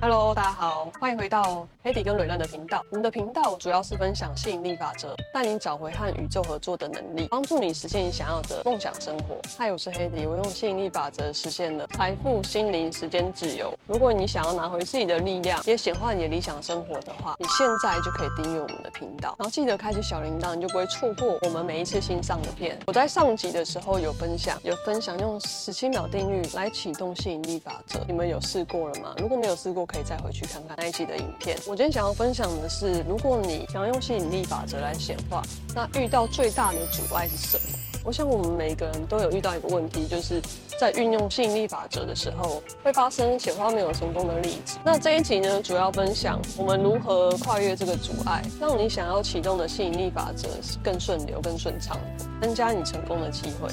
哈嘍，大家好，歡迎回到 Hedi 跟 Raelynn 的頻道。我們的頻道主要是分享吸引力法則，帶你找回和宇宙合作的能力，幫助你實現你想要的夢想生活。嗨，我是 Hedi，我用吸引力法則實現了財富、心靈、時間自由。如果你想要拿回自己的力量，也顯化你的理想生活的話，你現在就可以訂閱我們的頻道，然後記得開啟小鈴鐺，你就不會錯過我們每一次新上的片。我在上集的時候有分享，有分享用十七秒定律來啟動吸引力法則，你們有試過了嗎？如果沒有試過。可以再回去看看那一集的影片。我今天想要分享的是，如果你想要用吸引力法則來顯化，那遇到最大的阻礙是什麼？我想我們每個人都有遇到一個問題，就是在運用吸引力法則的時候，會發生顯化沒有成功的例子。那這一集呢，主要分享我們如何跨越這個阻礙，讓你想要啟動的吸引力法則是更順流、更順暢，增加你成功的機會。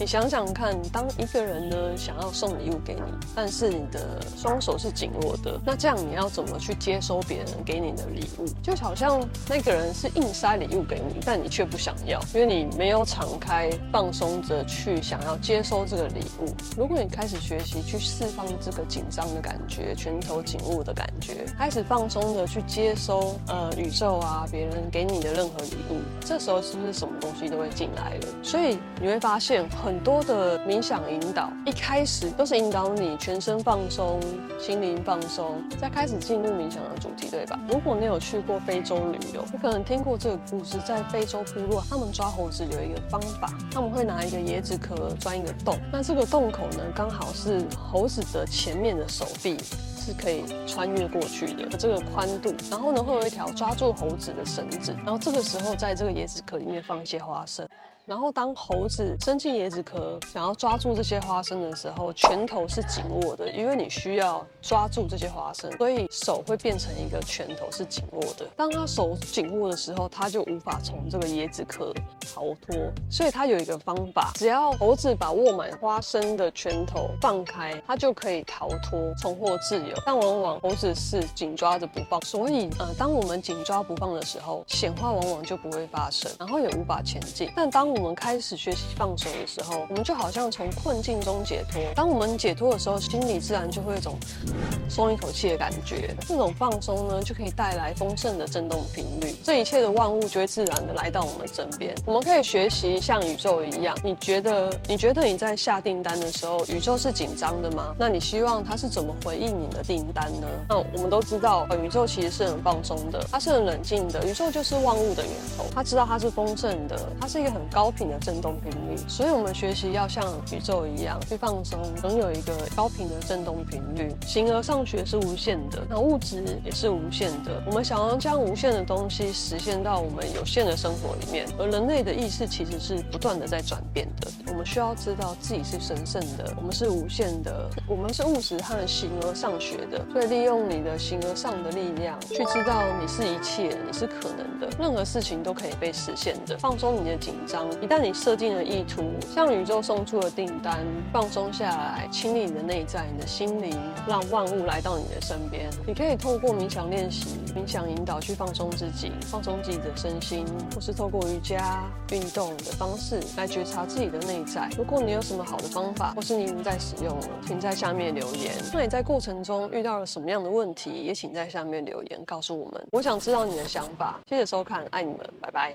你想想看，當一個人呢，想要送禮物給你，但是你的雙手是緊握的，那這樣你要怎麼去接收別人給你的禮物？就好像那個人是硬塞禮物給你，但你卻不想要，因為你沒有敞開放鬆着去想要接收這個禮物。如果你開始學習去釋放這個緊張的感覺，拳頭緊握的感覺，開始放鬆著去接收，呃，宇宙啊，別人給你的任何禮物，這時候是不是什麼東西都會進來了？所以你會發現。很多的冥想引導，一開始都是引導你全身放鬆、心靈放鬆，再開始進入冥想的主題，對吧？如果你有去過非洲旅遊，你可能聽過這個故事，在非洲部落，他們抓猴子有一個方法，他們會拿一個椰子殼鑽一個洞，那這個洞口呢，剛好是猴子的前面的手臂是可以穿越過去的這個寬度，然後呢，會有一條抓住猴子的繩子，然後這個時候在這個椰子殼裡面放一些花生。然後當猴子伸進椰子殼，想要抓住這些花生的時候，拳頭是緊握的，因為你需要抓住這些花生，所以手會變成一個拳頭是緊握的。當他手緊握的時候，他就無法從這個椰子殼逃脫。所以他有一個方法，只要猴子把握滿花生的拳頭放開，他就可以逃脫，重獲自由。但往往猴子是緊抓着不放，所以呃，當我們緊抓不放的時候，顯化往往就不會發生，然後也無法前進。但當我我們開始學習放手的時候，我們就好像從困境中解脫。當我們解脫的時候，心裡自然就會有一種鬆一口氣的感覺。這種放鬆呢，就可以帶來豐盛的振動頻率。這一切的萬物就會自然的來到我們身邊。我們可以學習像宇宙一樣。你覺得你覺得你在下訂單的時候，宇宙是緊張的嗎？那你希望它是怎麼回應你的訂單呢？那我們都知道，宇宙其實是很放鬆的，它是很冷靜的。宇宙就是萬物的源頭，它知道它是豐盛的，它是一個很高。高頻的振動頻率，所以我們學習要像宇宙一樣去放鬆，能有一個高頻的振動頻率。形而上學是無限的，那物質也是無限的。我們想要將無限的東西實現到我們有限的生活裡面，而人類的意識其實是不斷的在轉變的。我們需要知道自己是神聖的，我們是無限的，我們是物質和形而上學的。所以，利用你的形而上的力量去知道你是一切，你是可能的，任何事情都可以被實現的。放鬆你的緊張。一旦你設定了意圖，向宇宙送出了訂單，放鬆下來，清理你的內在，你的心靈，讓萬物來到你的身邊。你可以透過冥想練習、冥想引導去放鬆自己，放鬆自己的身心，或是透過瑜伽、運動的方式來覺察自己的內在。如果你有什麼好的方法，或是你已經在使用了，請在下面留言。那你在過程中遇到了什麼樣的問題，也請在下面留言告訴我們。我想知道你的想法。謝謝收看，愛你們，拜拜。